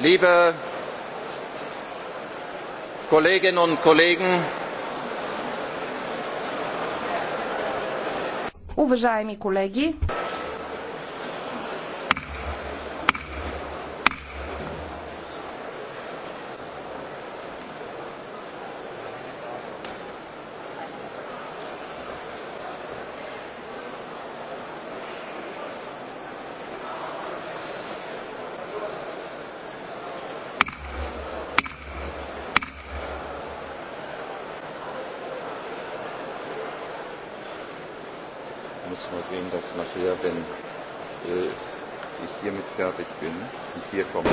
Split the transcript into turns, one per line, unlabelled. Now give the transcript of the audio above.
Liebe Kolleginnen und Kollegen,
Уважаеми колеги,
Da muss mal sehen, dass nachher, wenn äh, ich hiermit fertig bin, und hier kommt.